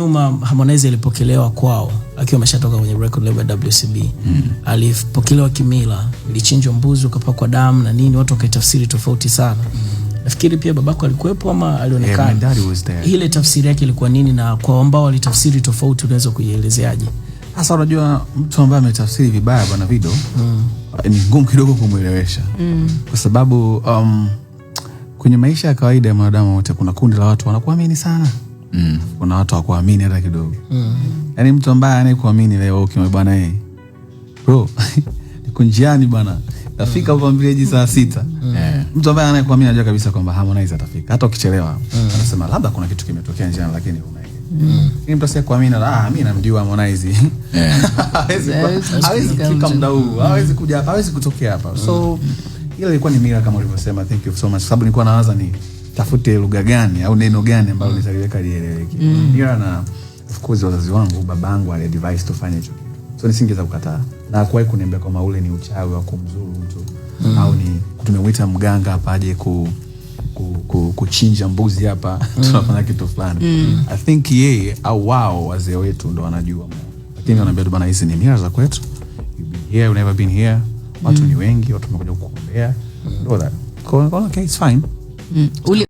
nyuma Harmonize alipokelewa kwao akiwa ameshatoka kwenye record label ya WCB mm. Alipokelewa kimila, ilichinjwa mbuzi ukapakwa damu na nini, watu wakaitafsiri tofauti sana mm. Nafikiri pia babako alikuwepo ama alionekana. Yeah, ile tafsiri yake ilikuwa nini, na kwa ambao walitafsiri tofauti unaweza kuielezeaje? Hasa unajua mtu ambaye ametafsiri vibaya bwana Vido mm. ni ngumu kidogo kumwelewesha mm. kwa sababu um, kwenye maisha ya kawaida ya mwanadamu wote kuna kundi la watu wanakuamini sana mm. kuna watu wakuamini hata kidogo mm. Yaani mtu ambaye anayekuamini leo bwana eh, bro niko njiani bwana tafika mm. huko mbileji saa sita mm. Eh. Mtu ambaye anayekuamini anajua kabisa kwamba Harmonize atafika hata ukichelewa mm. Anasema labda kuna kitu kimetokea njiani lakini Mm. lakini mtu asiyekuamini ah, mimi namjua Harmonize eh. hawezi kufika muda huu, mm. hawezi kuja hapa, hawezi kutokea hapa. So mm. ile ilikuwa ni mira kama ulivyosema. Thank you so much, sababu nilikuwa nawaza ni tafute lugha gani au neno gani ambalo nitaliweka mm. lieleweke. Mm. Ila na of course wazazi wangu, baba babangu ali advise tufanye hicho so nisingeweza kukataa, na hakuwahi kuniambia kwamba ule ni uchawi wa kumzuru mtu mm. au ni tumemwita mganga hapa aje ku kuchinja mbuzi hapa mm. tunafanya kitu fulani mm. I think yeye au wao wazee wetu ndo wanajua, lakini mm. wanaambia tu bana, hizi ni mila za kwetu, you been here, you never been here, watu mm. ni wengi, watu wamekuja kukuombea, mm. ndo that okay, it's fine Mm. Ule